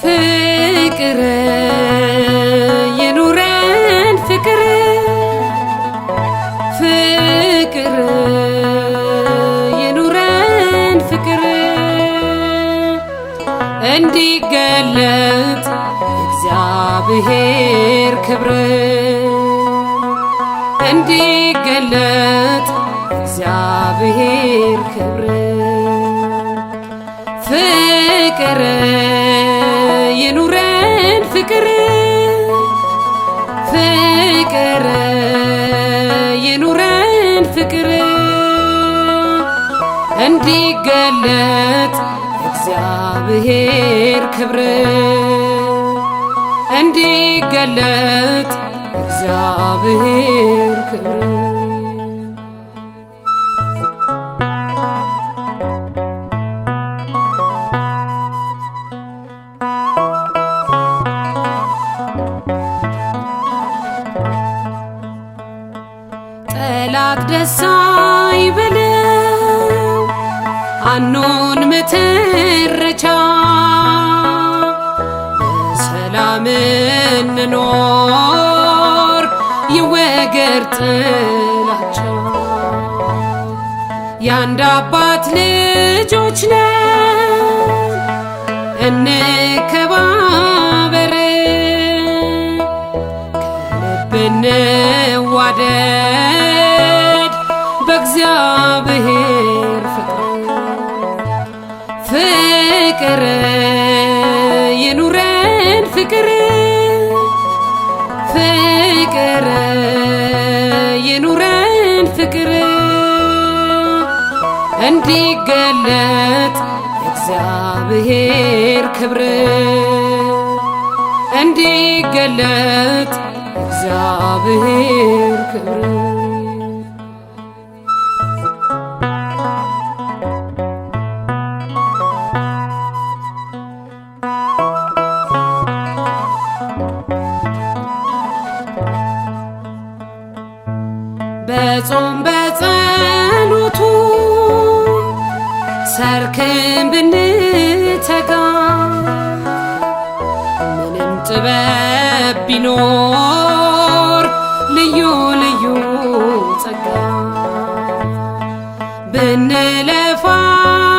ፍቅር ይኑረን ፍቅር ፍቅር ይኑረን ፍቅር እንዲገለጥ እግዚአብሔር ክብር እንዲገለጥ እግዚአብሔር ክብር ፍቅር የኑረን ፍቅር ፍቅር የኑረን ፍቅር እንዲገለጥ እግዚአብሔር ክብር እንዲገለጥ እግዚአብሔር ክብር የፋኖን መተረቻ ሰላም እንኖር ይወገር ጥላቸው የአንድ አባት ልጆች ነን እንከባበር ከልብ እንዋደድ በእግዚአብሔር ፍቅር ይኑረን ፍቅር ፍቅር ይኑረን ፍቅር እንዲገለጥ እግዚአብሔር ክብር እንዲገለጥ እግዚአብሔር ክብር መኖር ልዩ ልዩ ጸጋ ብንለፋ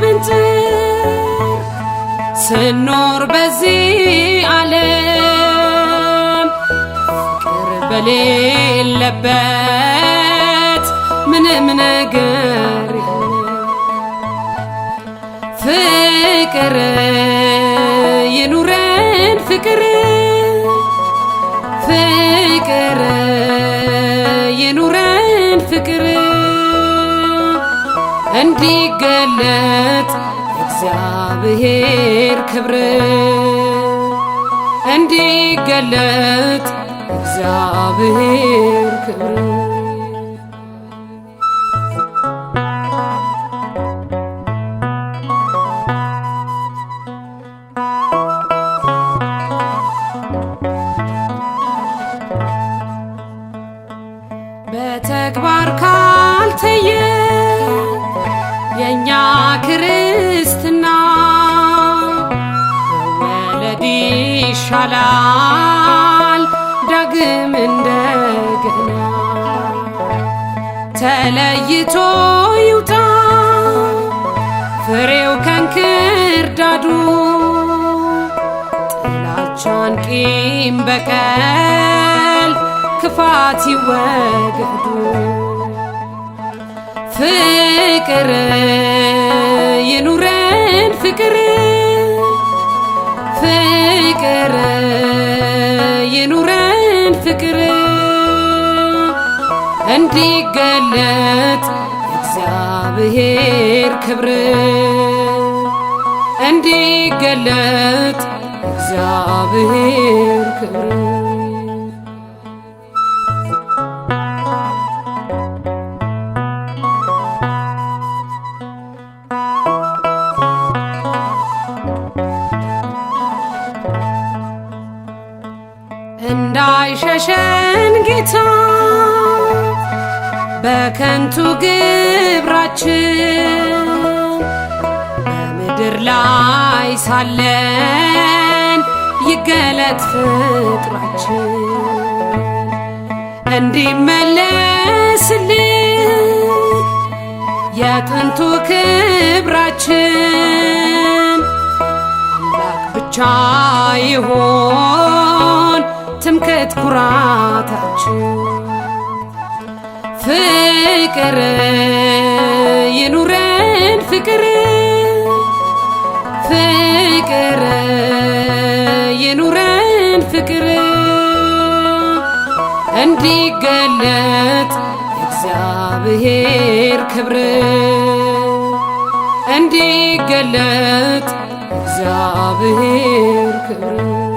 ብንጥር ስኖር በዚህ ዓለም ፍቅር በሌለበት ምንም ነገር ፍቅር ይኑረን ፍቅር ፍቅር የኑረን ፍቅር እንዲገለጥ እግዚአብሔር ክብር እንዲገለጥ እግዚአብሔር ክብር በተግባር ካልተየ የእኛ ክርስትና መለድ ይሻላል ዳግም እንደገና ተለይቶ ይውጣ ፍሬው ከንክርዳዱ ጥላቻን ቂም በቀል በክፋት ይወገዱ ፍቅር ይኑረን ፍቅር ፍቅር ይኑረን ፍቅር እንዲገለጥ እግዚአብሔር ክብር እንዲገለጥ እግዚአብሔር ክብር እንዳይሸሸን ጌታ በከንቱ ግብራችን በምድር ላይ ሳለን ይገለጥ ፍቅራችን እንዲመለስልን የጥንቱ ክብራችን አምላክ ብቻ በረከት ኩራታችሁ ፍቅር ይኑረን ፍቅር ፍቅር ይኑረን ፍቅር እንዲገለጥ እግዚአብሔር ክብር እንዲገለጥ እግዚአብሔር ክብር